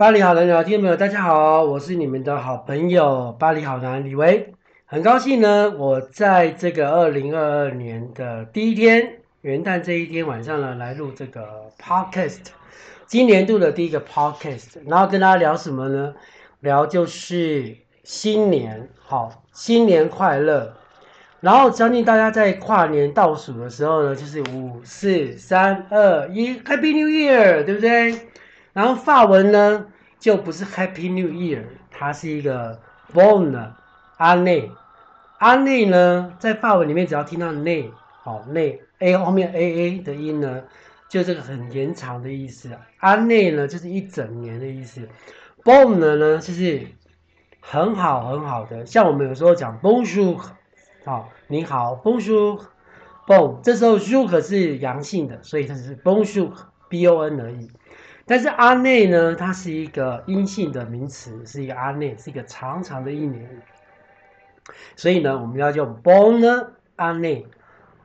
巴黎好男聊天朋友，大家好，我是你們的好朋友巴黎好男李維，很高興呢，我在這個二零二二年的第一天元旦這一天晚上呢，來錄這個 podcast，今年度的第一個 podcast，然後跟大家聊什麼呢？聊就是新年好，新年快樂，然後相信大家在跨年倒數的時候呢，就是五四三二一，Happy New Year，對不對？然後法文呢，就不是 Happy New Year，它是一個 bonne 的阿內，阿內呢，在法文裡面只要聽到內，好內 a 後面 a a 的音呢，就這個很延長的意思。阿內呢，就是一整年的意思。bonne 呢，就是很好很好的，像我們有時候講 bonjour 好你好 bonjour bon 這時候 jour 是陽性的，所以它只是 bon B O N 而已。但是阿內呢，它是一個陰性的名詞，是一個阿內，是一個長長的一年，所以呢，我們要用 Bonne année，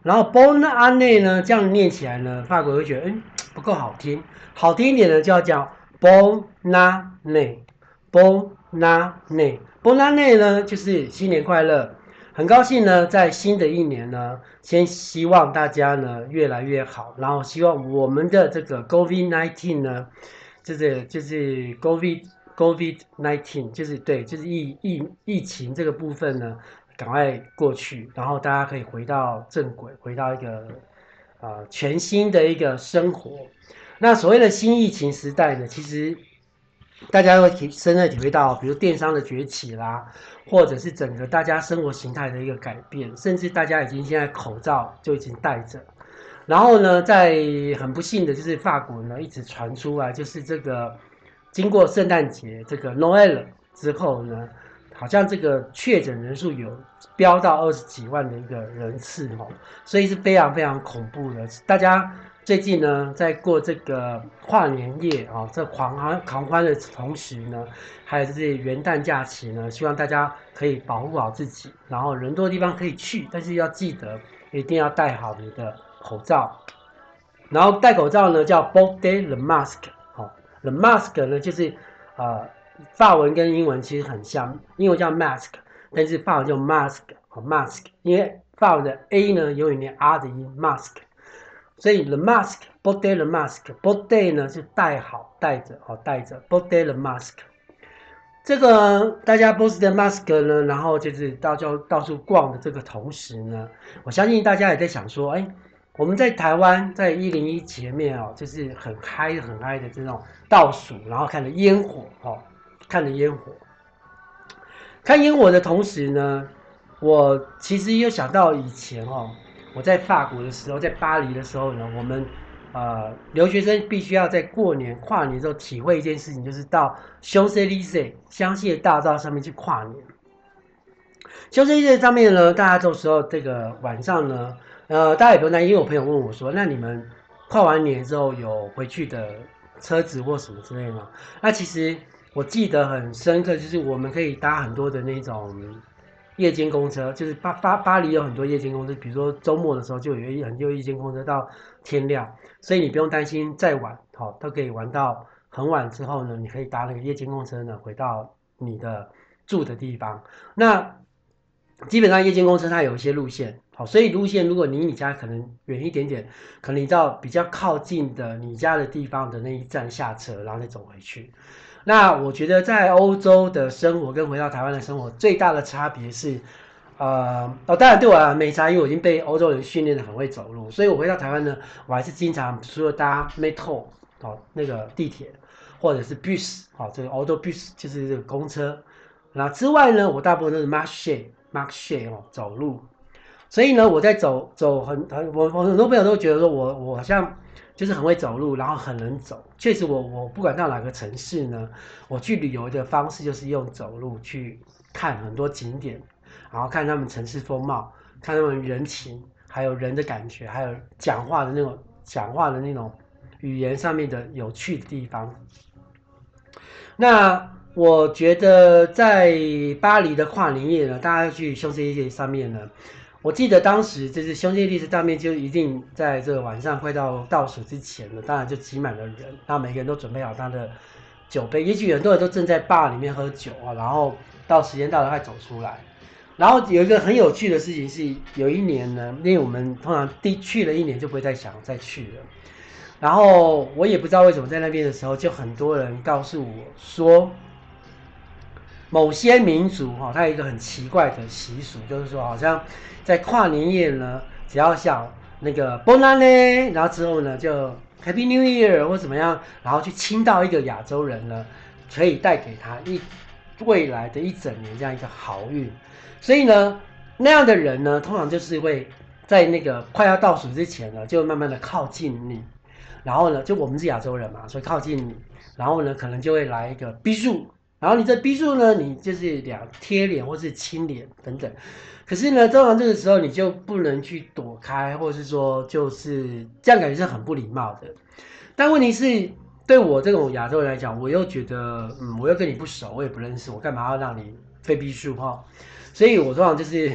然後 Bonne année 呢，這樣念起來呢，法國人會覺得，哎、嗯，不夠好聽，好聽一點呢，就要叫 Bonne année，Bonne année，Bonne année 呢，就是新年快樂。很高興呢，在新的一年呢，先希望大家呢，越來越好，然後希望我們的這個 COVID-19 呢，就是就是 COVID COVID-19，就是對，就是疫疫疫情這個部分呢，趕快過去，然後大家可以回到正軌，回到一個啊、呃、全新的一個生活。那所謂的新疫情時代呢，其實。大家會體深刻體會到，比如電商的崛起啦、啊，或者是整個大家生活形態的一個改變，甚至大家已經現在口罩就已經戴着。然後呢，在很不幸的就是法國呢，一直傳出來就是這個經過聖誕節這個 Noel 之後呢，好像這個確診人數有飆到二十幾萬的一個人次哦，所以是非常非常恐怖的，大家。最近呢，在過這個跨年夜啊，在、哦、狂歡狂歡的同時呢，還有這些元旦假期呢，希望大家可以保護好自己。然後人多的地方可以去，但是要記得一定要戴好你的口罩。然後戴口罩呢，叫 “porter le masque”、哦。好，“le masque” 呢，就是呃，法文跟英文其實很像，英文叫 “mask”，但是法文叫 “masque” 好、哦、“masque”，因為法文的 “a” 呢，有點念 “r” 的音，“masque”。所以，the mask，都戴 the mask，都戴呢是戴好，戴着哦，戴着。戴 the mask，這個大家都戴 the mask 呢，然後就是大家到處逛的這個同時呢，我相信大家也在想說，哎，我們在台灣在一零一前面哦，就是很嗨很嗨的這種倒數，然後看著煙火哦，看著煙火。看煙火的同時呢，我其實又想到以前哦。我在法國的時候，在巴黎的時候呢，我們，呃，留學生必須要在過年跨年之後體會一件事情，就是到香榭麗舍香榭大道上面去跨年。香榭麗舍上面呢，大家到時候這個晚上呢，呃，大家也不要擔心，因為我朋友問我說，那你們跨完年之後有回去的車子或什麼之類嗎？那其實我記得很深刻，就是我們可以搭很多的那種。夜間公車，就是巴巴巴黎，有很多夜間公車，比如說周末的時候就有很就夜間公車到天亮，所以你不用擔心再晚，都可以玩到很晚之後呢，你可以搭那個夜間公車呢回到你的住的地方。那基本上夜間公車它有一些路線，好，所以路線如果離你，你家可能遠一點點，可能你到比較靠近的你家的地方的那一站下車，然後你走回去。那我覺得在歐洲的生活跟回到台灣的生活最大的差別是，呃，哦，當然對我啊，沒差，因我已經被歐洲人訓練得很會走路，所以我回到台灣呢，我還是經常除了搭 metro 哦那個地鐵或者是 bus 哦這個 autobus 就是這個公車，那之外呢，我大部分都是 marche marche 哦走路，所以呢，我在走走很很我我很多朋友都覺得說我我好像。就是很會走路，然後很能走。確實我，我我不管到哪個城市呢，我去旅遊的方式就是用走路去看很多景點，然後看他們城市風貌，看他們人情，還有人的感覺，還有講話的那種講話的那種語言上面的有趣的地方。那我覺得在巴黎的跨年夜呢，大家去休息一些上面呢。我記得當時就是香榭麗舍大道，就一定在這個晚上快到倒數之前了，當然就擠滿了人，那每個人都準備好他的酒杯，也許很多人都正在 bar 裡面喝酒啊，然後到時間到了，快走出來，然後有一個很有趣的事情是，有一年呢，因為我們通常第去了一年就不會再想再去了，然後我也不知道為什麼，在那邊的時候，就很多人告訴我說。某些民族哈，它有一個很奇怪的習俗，就是說，好像在跨年夜呢，只要像那個 Bonne Année 呢，然後之後呢，就 Happy New Year 或怎麼樣，然後去親到一個亞洲人呢，可以帶給他一未來的一整年這樣一個好運。所以呢，那樣的人呢，通常就是會在那個快要倒數之前呢，就慢慢的靠近你，然後呢，就我們是亞洲人嘛，所以靠近你，然後呢，可能就會來一個 bisou 然後你這逼數呢，你就是兩貼臉或是親臉等等，可是呢，通常這個時候你就不能去躲開，或是說，就是這樣感覺是很不禮貌的。但問題是，對我這種亞洲人來講，我又覺得，嗯，我又跟你不熟，我也不認識，我幹嘛要讓你非逼數哈？所以，我通常就是，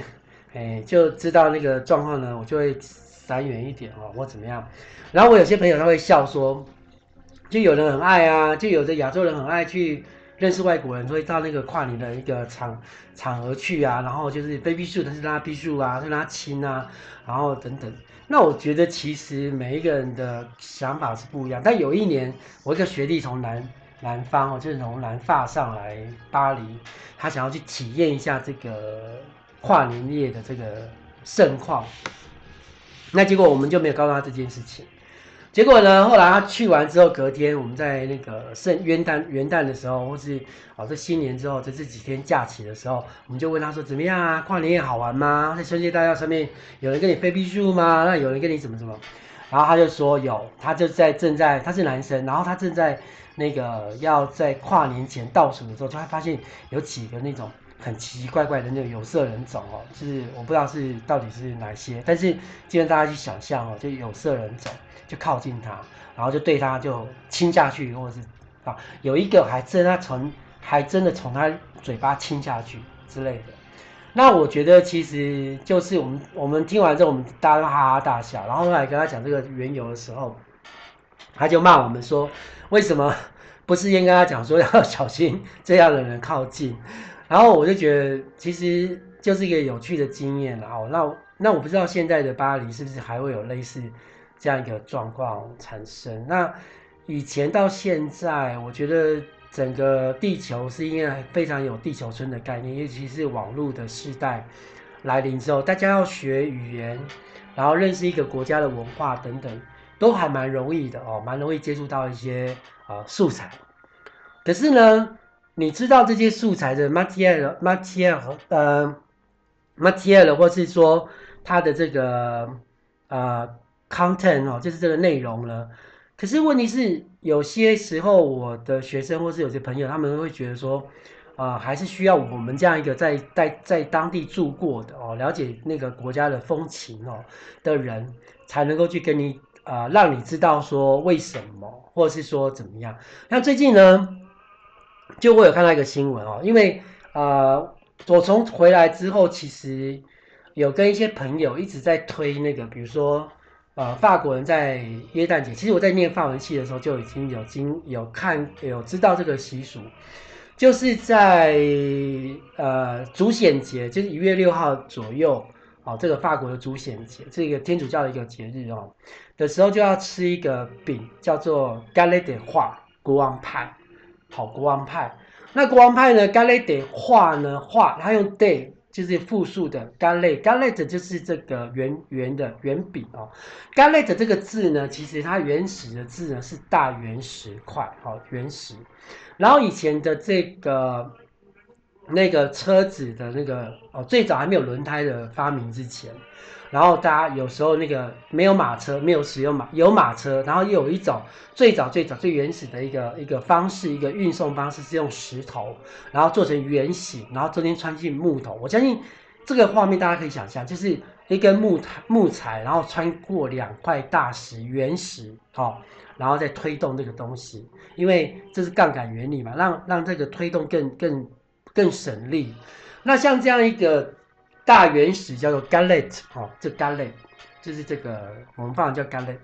哎，就知道那個狀況呢，我就會閃遠一點哦，或怎麼樣。然後我有些朋友他會笑說，就有人很愛啊，就有的亞洲人很愛去。認識外國人，所以到那個跨年的一個場場合去啊，然後就是 baby 樹，他是拉 B 樹啊，是拉親啊，然後等等。那我覺得其實每一個人的想法是不一樣，但有一年，我一個學弟從南南方哦，就是從南法上來巴黎，他想要去體驗一下這個跨年夜的這個盛況，那結果我們就沒有告訴他這件事情。結果呢？後來他去完之後，隔天我們在那個聖元旦元旦的時候，或是哦，這新年之後，在這幾天假期的時候，我們就問他說：“怎麼樣啊？跨年夜好玩嗎？在春節大街上面有人跟你飛幣樹嗎？那有人跟你怎麼怎麼？”然後他就說：“有。”他就在正在他是男生，然後他正在那個要在跨年前倒數的時候，就會發現有幾個那種很奇奇怪怪的那種有色人種哦，就是我不知道是到底是哪些，但是今天大家去想象哦，就有色人種。就靠近他，然後就對他就親下去，或者是啊，有一個還真他從還真的從他嘴巴親下去之類的。那我覺得其實就是我們我們聽完之後，我們大哈哈大笑。然後後來跟他講這個緣由的時候，他就罵我們說，為什麼不事先跟他講說要小心這樣的人靠近。然後我就覺得其實就是一個有趣的經驗然哦。那那我不知道現在的巴黎是不是還會有類似。這樣一個狀況產生。那以前到現在，我覺得整個地球是應該非常有地球村的概念，尤其是網絡的時代來臨之後，大家要學語言，然後認識一個國家的文化等等，都還蠻容易的哦，蠻容易接觸到一些、呃、素材。可是呢，你知道這些素材的 material，material，material、呃、或是說它的這個、呃 content 哦，就是這個內容了。可是問題是，有些時候我的學生或是有些朋友，他們會覺得說，啊、呃，還是需要我們這樣一個在在在當地住過的哦，了解那個國家的風情哦的人，才能夠去跟你啊、呃，讓你知道說為什麼，或者是說怎麼樣。那最近呢，就我有看到一個新聞哦，因為啊、呃，我從回來之後，其實有跟一些朋友一直在推那個，比如說。呃，法國人在耶誕節，其實我在念法文系的時候就已經有經有看有知道這個習俗，就是在呃主顯節，就是一月六號左右哦，這個法國的主顯節，是一個天主教的一個節日哦的時候，就要吃一個餅，叫做 Galette 華國王派，好國王派，那國王派呢，Galette 華呢華，Hoa, 他用 day。就是複數的 “galette”，“galette 的就是這個圓圓的圓餅哦。“galette 的這個字呢，其實它原始的字呢是大圓石塊，哦，圓石。然後以前的這個那個車子的那個哦，最早還沒有輪胎的發明之前。然後大家有時候那個沒有馬車，沒有使用馬，有馬車。然後又有一種最早最早最原始的一個一個方式，一個運送方式是用石頭，然後做成圓形，然後中間穿進木頭。我相信這個畫面大家可以想象，就是一根木木材，然後穿過兩塊大石原石，好、哦，然後再推動這個東西，因為這是槓桿原理嘛，讓讓這個推動更更更省力。那像這樣一個。大原始叫做 galette 哦，這 galette 就是這個，我們放的叫 galette，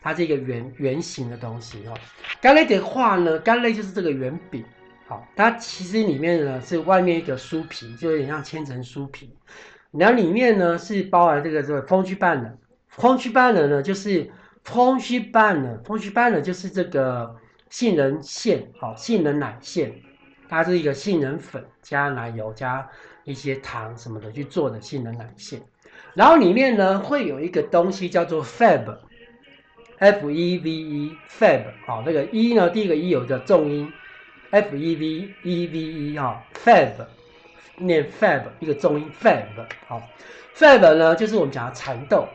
它是一個圓圓形的東西哦。galette 的話呢，galette 就是這個圓餅，好、哦，它其實裡面呢是外面一個酥皮，就有點像千層酥皮，然後裡面呢是包含這個這個風趣半的，風趣半的呢就是風趣半的，風趣半的就是這個杏仁餡，好、哦，杏仁奶餡，它是一個杏仁粉加奶油加。一些糖什麼的去做的性能感染線，然後裡面呢，會有一個東西叫做 fève，f-e-v-e -E、fève 好，那個一、e、呢第一個一、e、有個重音，f-e-v-e-v-e 哈 fève，念 fève 一個重音 fève -E -E -E, 哦、好 fève 呢就是我們講的蠶豆，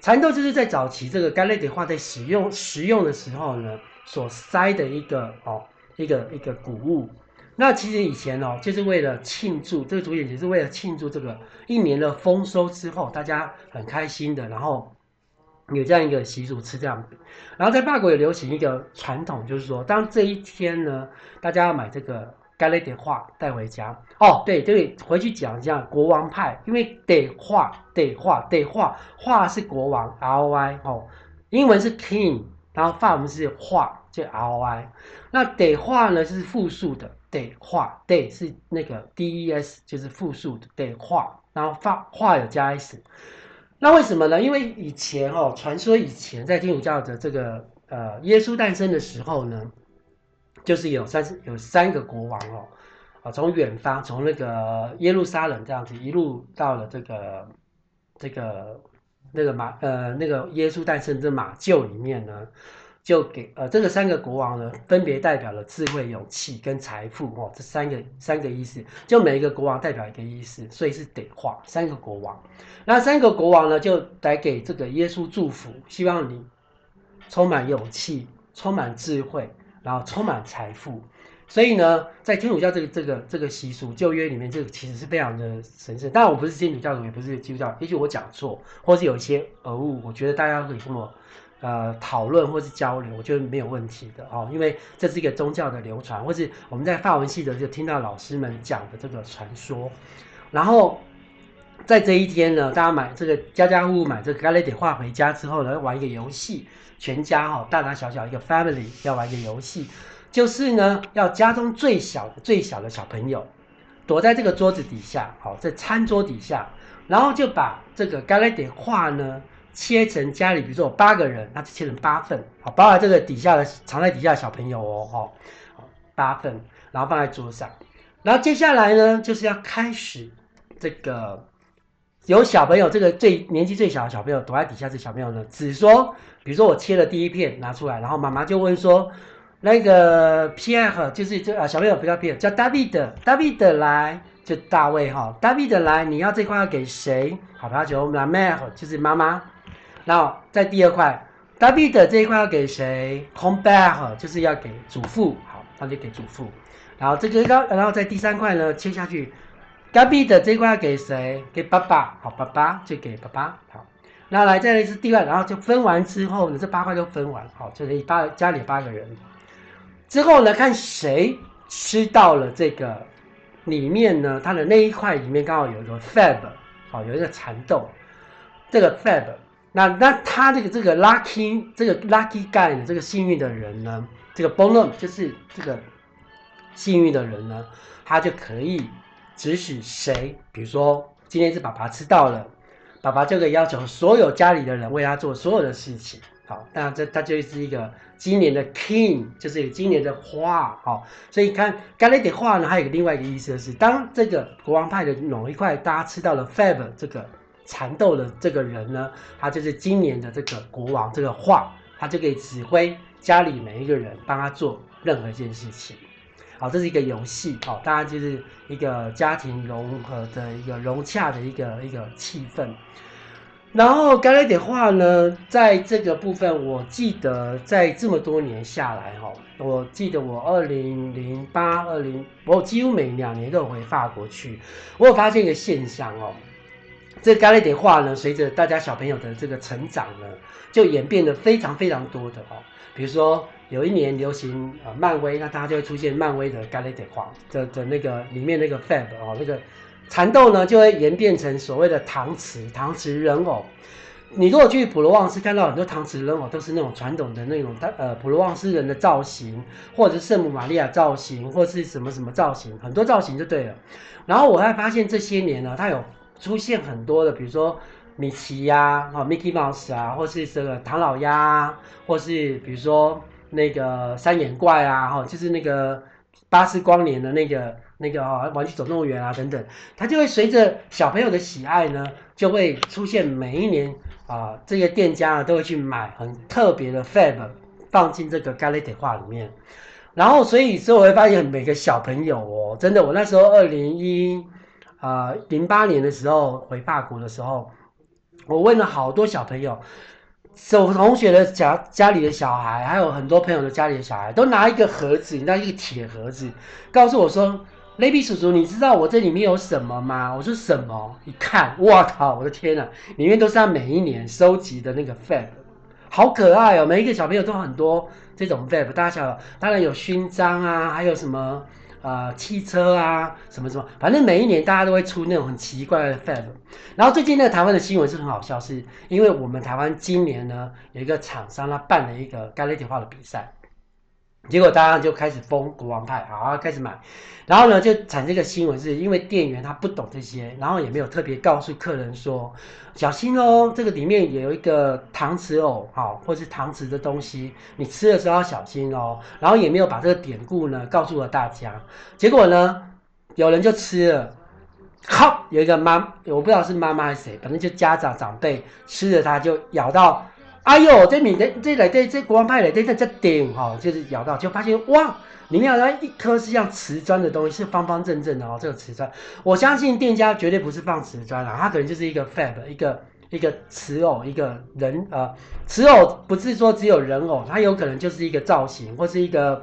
蠶豆就是在早期這個 galette 的話在使用食用的時候呢所塞的一個哦一個一個穀物。那其實以前哦，就是為了慶祝這個，主演，也是為了慶祝這個一年的豐收之後，大家很開心的，然後有這樣一個習俗吃這樣。然後在法國也流行一個傳統，就是說當這一天呢，大家要買這個 galette 的畫帶回家。哦，對，對，回去講一下國王派，因為得畫得畫得畫，畫是國王 R O I 哦，英文是 King，然後法文是畫就 R O I，那得畫呢是複數的。對話對是那個 d e s，就是複數對話，然後發話有加 s，那為什麼呢？因為以前哦，傳說以前在天主教的這個呃耶穌誕生的時候呢，就是有三有三個國王哦，啊、呃、從遠方從那個耶路撒冷這樣子一路到了這個這個那個馬呃那個耶穌誕生的馬廄裡面呢。就給呃，這個三個國王呢，分別代表了智慧、勇氣跟財富，哈、哦，這三個三個意思，就每一個國王代表一個意思，所以是得畫三個國王。那三個國王呢，就來給這個耶穌祝福，希望你充滿勇氣、充滿智慧，然後充滿財富。所以呢，在天主教這個這個這個習俗舊約裡面，這個其實是非常的神聖。當然，我不是天主教徒，也不是基督教徒，也許我講錯，或是有一些訛誤，我覺得大家可以跟我。呃，討論或是交流，我覺得沒有問題的哦，因為這是一個宗教的流傳，或是我們在法文系的就聽到老師們講的這個傳說。然後，在這一天呢，大家買這個家家戶戶買這個 galette 畫回家之後呢，玩一個遊戲，全家哈、哦，大大小小一個 family 要玩一個遊戲，就是呢，要家中最小的最小的小朋友躲在這個桌子底下，好、哦，在餐桌底下，然後就把這個 galette 畫呢。切成家裡，比如說有八個人，那就切成八份，好，包括這個底下的藏在底下的小朋友哦,哦，八份，然後放在桌上，然後接下來呢，就是要開始這個有小朋友，這個最年紀最小的小朋友躲在底下，這小朋友呢，只說，比如說我切了第一片拿出來，然後媽媽就問說，那個 Pierre 就是啊小朋友不要 Pierre 叫 David，David David, 來，就大衛哈，David 來，你要這塊要給誰？好吧，就 la mère 就是媽媽。然後在第二塊 Gabi 的這一塊要給誰？come b a r 就是要給祖父，好，那就給祖父。然後這個，然後在第三塊呢，切下去 Gabi 的這一塊要給誰？給爸爸，好，爸爸就給爸爸，好。然後來那來再來是第二然後就分完之後呢，這八塊都分完，好，就是八家裡八個人。之後呢，看誰吃到了這個裡面呢？它的那一塊裡面剛好有一個 fab，好，有一個蠶豆，這個 fab。那那他這個這個 lucky 這個 lucky guy 這個幸運的人呢，這個 b o n u 就是這個幸運的人呢，他就可以指使誰，比如說今天是爸爸吃到了，爸爸就可以要求所有家裡的人為他做所有的事情。好，那這他就是一個今年的 king，就是一個今年的花。好，所以你看 g a l a 花呢，還有個另外一個意思、就是，是當這個國王派的某一塊大家吃到了 f a b e 這個。蠶豆的這個人呢，他就是今年的這個國王。這個畫，他就可以指揮家裡每一個人幫他做任何一件事情。好，這是一個遊戲。好，當然就是一個家庭融合的一個融洽的一個一個氣氛。然後剛才的話呢，在這個部分，我記得在這麼多年下來，哈，我記得我二零零八、二零，我幾乎每兩年都回法國去。我有發現一個現象哦。這個 galette 的話呢，隨着大家小朋友的這個成長呢，就演變得非常非常多的哦。比如說有一年流行呃漫威，那大家就會出現漫威的 galette 的話的的那個裡面那個 fève 哦，那個蠶豆呢就會演變成所謂的搪瓷搪瓷人偶。你如果去普羅旺斯看到很多搪瓷人偶，都是那種傳統的那種呃普羅旺斯人的造型，或者是聖母瑪利亞造型，或者是什麼什麼造型，很多造型就對了。然後我還發現這些年呢，它有。出現很多的，比如說米奇呀、啊哦、Mickey Mouse 啊，或是這個唐老鴨、啊，或是比如說那個三眼怪啊，哈、哦，就是那個巴斯光年的那個那個、哦、玩具總動員啊等等，它就會隨着小朋友的喜愛呢，就會出現每一年啊、呃，這些店家呢都會去買很特別的 FAB 放進這個 Galette 畫裡面，然後所以說我會發現每個小朋友哦，真的，我那時候二零一。呃，零八年的時候回法國的時候，我問了好多小朋友，我同學的家家裡的小孩，還有很多朋友的家裡的小孩，都拿一個盒子，拿一個鐵盒子，告訴我說：“雷比叔叔，你知道我這裡面有什麼嗎？”我說：“什麼？”一看，我靠，我的天吶，裡面都是他每一年收集的那個 FAB，好可愛哦！每一個小朋友都很多這種 FAB，大家想當然有勳章啊，還有什麼？呃，汽車啊，什麼什麼，反正每一年大家都會出那種很奇怪的 fad。然後最近那個台灣的新聞是很好笑，是因為我們台灣今年呢有一個廠商他辦了一個 galette 化的比賽。結果大家就開始瘋國王派，好、啊、開始買，然後呢就產生一個新聞是，是因為店員他不懂這些，然後也沒有特別告訴客人說小心哦，這個裡面有一個陶瓷偶，好或是陶瓷的東西，你吃的時候要小心哦，然後也沒有把這個典故呢告訴了大家，結果呢有人就吃了，好有一個媽，我不知道是媽媽還是誰，反正就家長長輩吃着他就咬到。哎呦，這米的這這來這這國王派來在這頂，哦，就是咬到就發現哇，裡面有一顆是像瓷磚的東西，是方方正正的哦。這個瓷磚，我相信店家絕對不是放瓷磚的，它可能就是一個 fab 一個一個瓷偶一個人呃，瓷偶不是說只有人偶，它有可能就是一個造型或是一個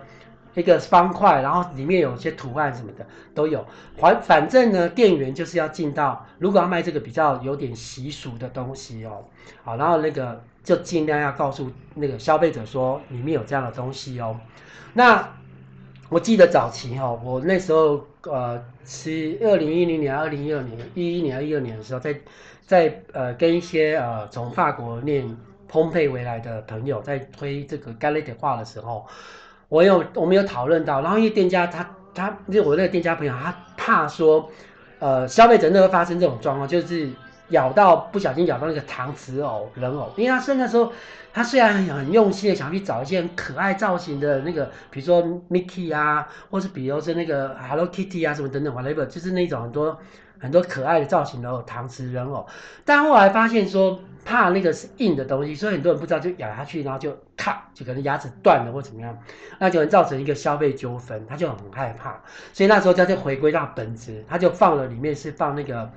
一個方塊，然後裡面有一些圖案什麼的都有。反反正呢，店員就是要進到，如果要賣這個比較有點習俗的東西哦，好，然後那個。就盡量要告訴那個消費者說，裡面有這樣的東西哦。那我記得早期哈、哦，我那時候呃，是二零一零年，二零一二年，一一年一二年的時候，在在呃跟一些呃從法國念烘焙回來的朋友在推這個 galette 的話的時候，我有我們有討論到，然後一店家他他，他就我那個店家朋友他怕說，呃消費者那會發生這種狀況，就是。咬到，不小心咬到那個搪瓷偶人偶，因為他那時候他雖然很用心的想去找一些很可愛造型的那個，比如說 Mickey 啊，或是比如是那個 Hello Kitty 啊什麼等等，反正就是那種很多很多可愛的造型的那個搪瓷人偶，但後來發現說怕那個是硬的東西，所以很多人不知道就咬下去，然後就咔就可能牙齒斷了或怎麼樣，那就能造成一個消費糾紛，他就很害怕，所以那時候他就回歸到本質，他就放了裡面是放那個。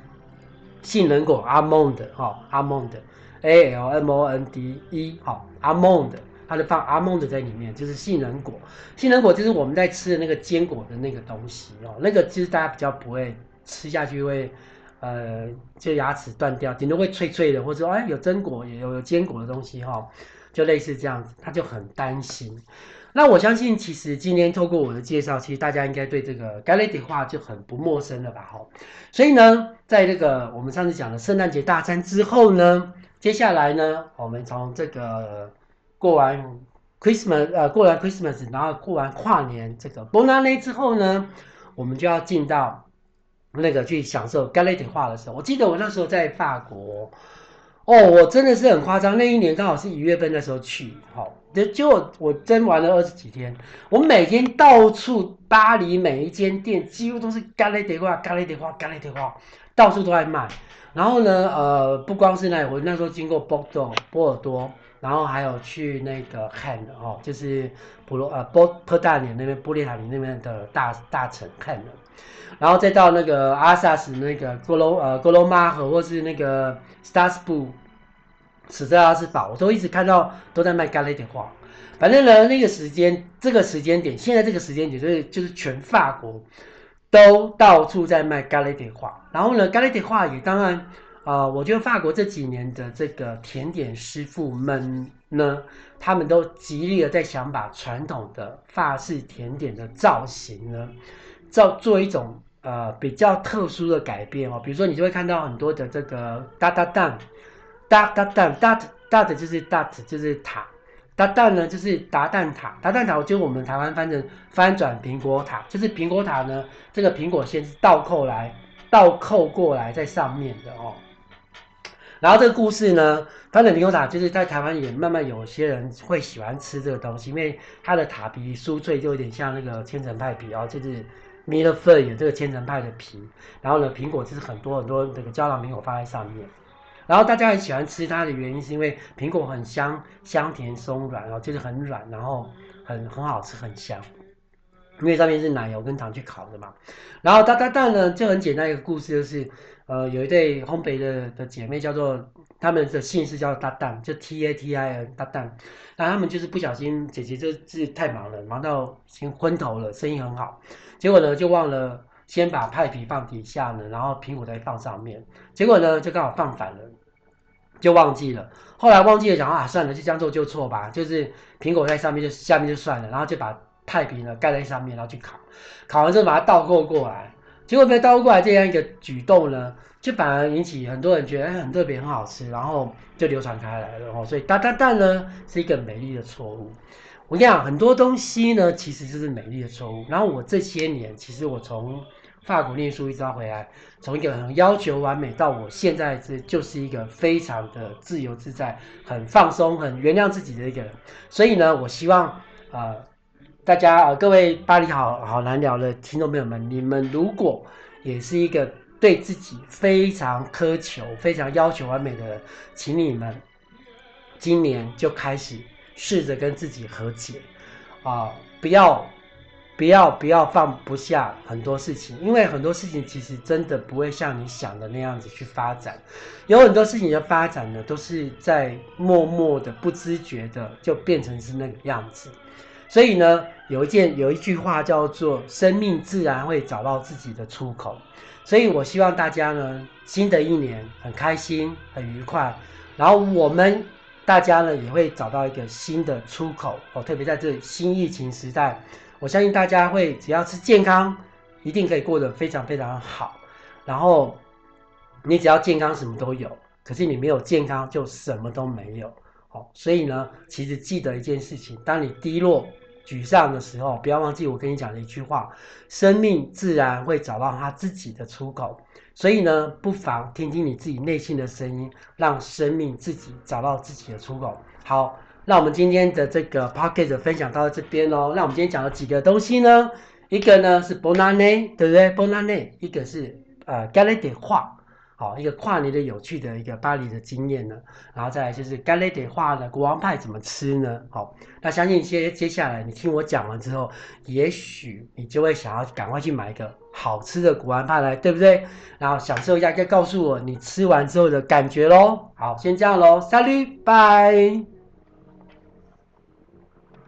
杏仁果阿蒙的 o n d 哈，almond，a、oh, l m o n d，-E, oh, Amonde, 它是放阿蒙的在裡面，就是杏仁果，杏仁果就是我們在吃的那個堅果的那個東西哦，oh, 那個其實大家比較不會吃下去會，呃，就牙齒斷掉，頂多會脆脆的，或者說哎有榛果也有有堅果的東西哈，oh, 就類似這樣子，他就很擔心。那我相信，其實今天透過我的介紹，其實大家應該對這個 galette 就很不陌生了吧？所以呢，在這個我們上次講的聖誕節大餐之後呢，接下來呢，我們從這個過完 Christmas，呃，過完 Christmas，然後過完跨年這個 bonne année 之後呢，我們就要進到那個去享受 galette 的時候。我記得我那時候在法國，哦，我真的是很誇張，那一年剛好是一月份的時候去，哦就我，我真玩了二十幾天，我每天到處巴黎每一間店幾乎都是咖喱滴花嘎嘞滴花嘎嘞滴花，到處都在賣。然後呢，呃，不光是那我那時候經過波爾多，波爾多，然後還有去那個看的哦，就是普羅呃波波大年那邊布列塔尼那邊的大大城看的，然後再到那個阿薩斯那個格羅呃格羅馬河或是那個斯特斯布。死在阿式堡，我都一直看到都在賣 Galette des rois。反正呢，那個時間，這個時間點，現在這個時間點，就是就是全法國都到處在賣 Galette des rois。然後呢，Galette des rois 也當然啊、呃，我覺得法國這幾年的這個甜點師傅們呢，他們都極力的在想把傳統的法式甜點的造型呢，造做一種呃比較特殊的改變哦。比如說，你就會看到很多的這個噠噠蛋。大蛋蛋蛋，大的就是蛋，就是塔，蛋蛋呢就是達蛋塔，達旦塔。我覺得我們台灣翻成翻轉蘋果塔，就是蘋果塔呢，這個蘋果先是倒扣來，倒扣過來在上面的哦。然後這個故事呢，翻轉蘋果塔，就是在台灣也慢慢有些人會喜歡吃這個東西，因為它的塔皮酥脆，就有點像那個千層派皮哦，就是米勒菲有這個千層派的皮，然後呢蘋果就是很多很多那個膠囊蘋果放在上面。然後大家很喜歡吃它的原因，是因為蘋果很香、香甜、鬆軟，然後就是很軟，然後很很好吃、很香，因為上面是奶油跟糖去烤的嘛。然後搭搭蛋呢，就很簡單一個故事，就是呃有一對烘焙的的姐妹，叫做她們的姓氏叫做搭檔，就 T A T I 搭檔。然後她們就是不小心，姐姐就是自己太忙了，忙到已經昏頭了，生意很好，結果呢就忘了先把派皮放底下呢，然後蘋果再放上面，結果呢就剛好放反了。就忘記了，後來忘記了想，想啊，算了，就將錯就錯吧。就是蘋果在上面就，就下面就算了，然後就把塔皮了蓋在上面，然後去烤。烤完之後把它倒扣過來，結果沒倒過來這樣一個舉動呢，就反而引起很多人覺得、哎、很特別、很好吃，然後就流傳開來了。所以蛋蛋蛋呢是一個美麗的錯誤。我跟你講，很多東西呢其實就是美麗的錯誤。然後我這些年其實我從法國念書一招回來，從一個很要求完美到我現在，這就是一個非常的自由自在、很放鬆、很原諒自己的一個人。所以呢，我希望啊、呃，大家啊、呃，各位巴黎好男聊的聽眾朋友們，你們如果也是一個對自己非常苛求、非常要求完美的人，請你們今年就開始試着跟自己和解啊、呃，不要。不要，不要放不下很多事情，因為很多事情其實真的不會像你想的那樣子去發展，有很多事情的發展呢，都是在默默的、不自覺的就變成是那個樣子。所以呢，有一件，有一句話叫做“生命自然會找到自己的出口”。所以我希望大家呢，新的一年很開心、很愉快，然後我們大家呢也會找到一個新的出口。哦，特別在這新疫情時代。我相信大家會，只要是健康，一定可以過得非常非常好。然後，你只要健康，什麼都有。可是你沒有健康，就什麼都沒有。好，所以呢，其實記得一件事情：當你低落、沮喪的時候，不要忘記我跟你講的一句話——生命自然會找到他自己的出口。所以呢，不妨聽聽你自己內心的聲音，讓生命自己找到自己的出口。好。那我們今天的這個 podcast 分享到這邊嘍。那我們今天講了幾個東西呢？一個呢是博納內，對不對？博納內。Bonane, 一個是呃 galette des rois，好、哦，一個跨年的有趣的一個巴黎的經驗呢。然後再來就是 galette des rois 的國王派怎麼吃呢？好、哦，那相信接接下來你聽我講完之後，也許你就會想要趕快去買一個好吃的國王派來，對不對？然後享受一下，再告訴我你吃完之後的感覺嘍。好，先這樣嘍，拜拜。